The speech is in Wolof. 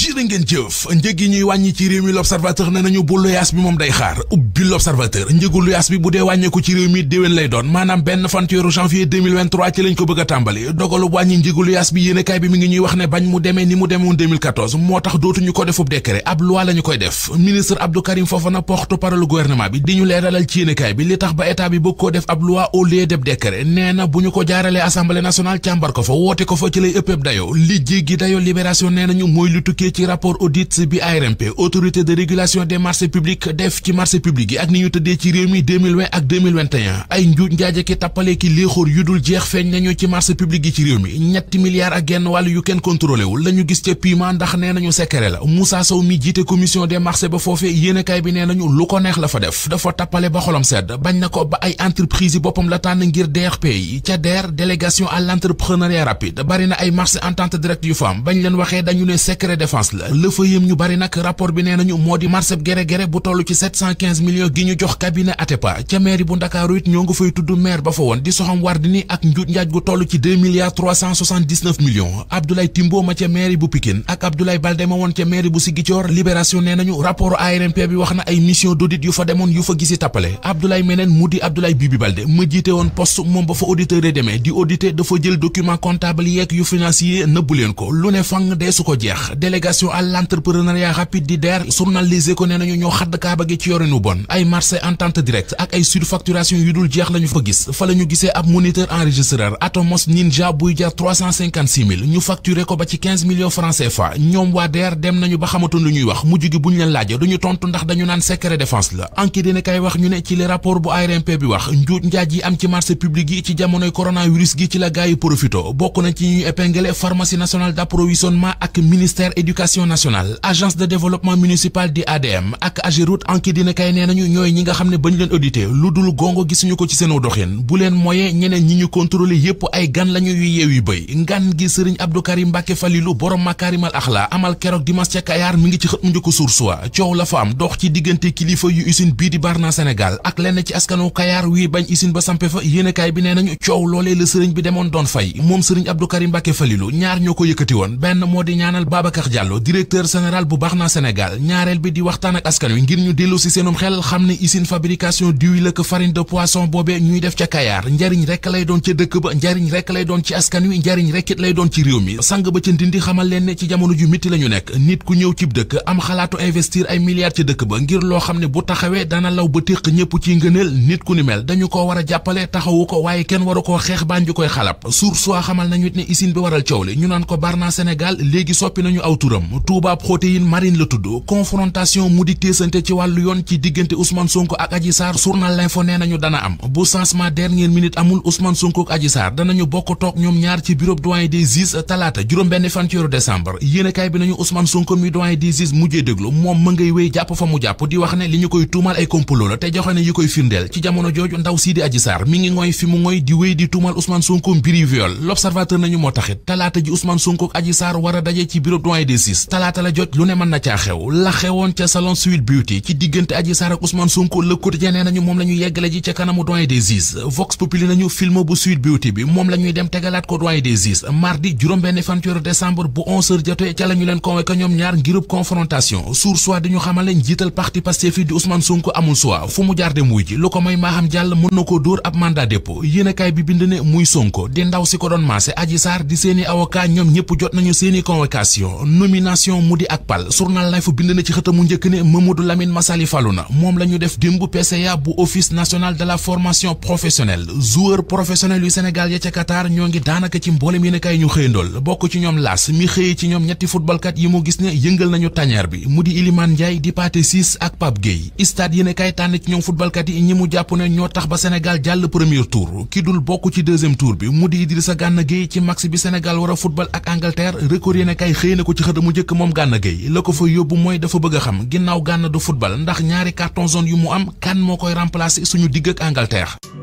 jërë ngeen jëf njëg yi ñuy wàññi ci réew mi l'observateur ne nañu bu luyaas bi moom day xaar ubbi l'observateur njëgu luyaas bi bu dee wàññeeku ci réew mi déwén lay doon maanaam benn fan janvier ci lañ ko bëgg tàmbali dogalu wàññi njëgu luyaas bi yéenekaay bi mi ngi ñuy wax ne bañ mu demee ni mu demoon moo tax dootuñu ko defub décret ab loi la koy def ministre Abdou Karim Fofana porte-parole gouvernement bi di ñu leeralal ci yéenekaay bi jëlee ci rapport audit bi ARMP autorité de régulation des marchés publics def ci marché public yi ak ni ñu tëddee ci réew mi 2020 ak 2021 ay njuuj njaaje ki tappale ki léexóor yu dul jeex feeñ nañu ci marché public yi ci réew mi ñetti milliards ak genn wàll yu kenn contrôlé wul la ñu gis ca piment ndax nee nañu secret la Moussa Sow mi jiite commission des marchés ba foofee yéenekaay bi nee nañu lu ko neex la fa def dafa tappale ba xolam sedd bañ na ko ba ay entreprise yi boppam la tànn ngir DRP yi ca DER délégation à l'entrepreneuriat rapide bari na ay marché entente directe yu faam bañ leen waxee dañu ne secret dépense ñu bari nag rapport bi nee nañu moo di marché gere-gere bu toll ci 715 gi ñu jox cabinet Atepa ca mairie bu Ndakaaru it ñoo nga fay tudd maire ba fa woon di Soham Wardini ak njaaj gu toll ci 2 milliards 379 millions ma ca mairie bu Pikine ak Abdoulaye Baldé ma woon ca mairie bu Ziguinchor Libération nee nañu rapport ARMP bi wax na ay mission d'audit yu fa demoon yu fa gisi tappale Abdoulaye meneen mu di Abdoulaye Bibi Baldé ma incitation à l'entrepreneuriat rapide d'ider, DER journal Les Échos nee nañu ñoo xadd kaaba gi ci yorinu bon ay marché entente directe ak ay surfacturation yu dul jeex lañu fa gis fa la ñu gisee ab moniteur enregistreur Atomos Ninja buy 356 000 ñu facturé ko ba ci 15 millions francs CFA nous waa DER dem nañu ba xamatoon lu ñuy wax mujj gi buñ leen laaj duñu tontu ndax dañu secret défense la enquête dina kay wax ñu ne ci le rapport bu ARMP bi wax njuuj njaaj que am ci marché public yi ci jamonoy coronavirus gi ci la gaay yi profito bokk na ci ñuy épinglé pharmacie nationale d'approvisionnement ak ministère éducation communication nationale agence de développement municipal di ADM ak Ageroute Enquête dina nee nañu ñooy ñi nga xam ne bañ leen audité lu dul gongo gisuñu ko ci seen doxin bu leen ñeneen ñi ñu contrôlé yépp ay gan lañu yu yeew yu bëy ngan gi sëriñ Abdou Mbàkke Falilu borom makaarimal axla amal keroog dimanche ca Kayaar mi ngi ci xët mu njëkk source wa coow la fa am dox ci diggante kilifa yu usine bii di Barna Sénégal ak lenn ci askanu Kayaar wii bañ usine ba Diallo directeur général bu Barna Sénégal ñaareel bi di waxtaan ak askan wi ngir ñu dellu si seenum xel xam ne usine fabrication d'huile ak farine de poisson boobe ñuy def ca Kayar njariñ rekk lay doon ca dëkk ba njariñ rekk lay doon ci askan wi njariñ rekkit lay doon ci réew mi sang ba ca ndindi xamal leen ne ci jamono ju mitti la ñu nekk nit ku ñëw cib dëkk am xalaatu investir ay milliards ca dëkk ba ngir loo xam ne bu taxawee dana law ba tiq ñëpp ci ngëneel nit ku ni dañu ko war a jàppale taxawu ko waaye kenn waru koo xeex baan ju koy xalab source xamal nañu ne usine bi waral coow ñu naan ko Barna Sénégal léegi soppi nañu aw turam turam Touba protéine marine la tudd confrontation mu di téesante ci wàllu yoon ci diggante Ousmane Sonko ak Adji Sarr journal L'Info nee nañu dana am bu changement dernière minute amul Ousmane Sonko ak Adji Sarr danañu bokk toog ñoom ñaar ci bureau doyen des talaata juróom benn fan ci weeru décembre yéenekaay bi nañu Ousmane Sonko mi doyen mujjee déglu moom ma ngay wéy jàpp fa mu jàpp di wax ne li ñu koy tuumal ay complot la te joxe ne yi koy firndeel ci jamono jooju ndaw sii di Adji Sarr mi ngi ngooy fi mu ngooy di wéy di tuumal Ousmane Sonko nañu moo taxit talaata ji Ousmane Sonko ak Adji a daje ci 6 talata la jot lu ne man na ca xew la xewon ca salon Sweet Beauty ci digeunte Adji sara Ousmane Sonko le quotidien nee nañu mom lañu yeggale ji ca kanamu doyen des is Vox Populi nañu film bu Sweet Beauty bi mom la dem tegalat ko doyen des is mardi jurom ben fanture décembre bu 11h jotté ca lañu len leen convoqué ñom ñaar ngirup confrontation sur soi dañu xamal lañ jital parti fi di Ousmane Sonko amul soi fu mu jaar dem ji lu ko may Maham jall mën nako door ab mandat dépôt kay bi bind ne muy Sonko di ndaw ci ko don Adji di seeni avocat ñom jot nañu seeni convocation nomination mu di ak pal journal Life bind na ci xëtamu njëkk ne Mamadou Lamine Massaly falu na moom la def démb PCA bu office national de la formation professionnelle joueur professionnel yu Sénégal ya ca Qatar ñoo ngi daanaka ci mboolem yéen a kaay ñu bokk ci ñoom laas mi xëyee ci ñoom ñetti footballkat yi mu gis ne yëngal nañu tañeer bi mu di Iliman Ndiaye di Pathé Ciss ak Pape Gueye stade yéen tànn ci ñoom footballkat yi ñi mu jàpp ne ñoo tax mu jëkk moom Gana Gueye la ko fa yóbbu mooy dafa bëgg xam ginnaaw Gana du football ndax ñaari carton jaune mu am kan moo koy remplacer suñu digg ak Angleterre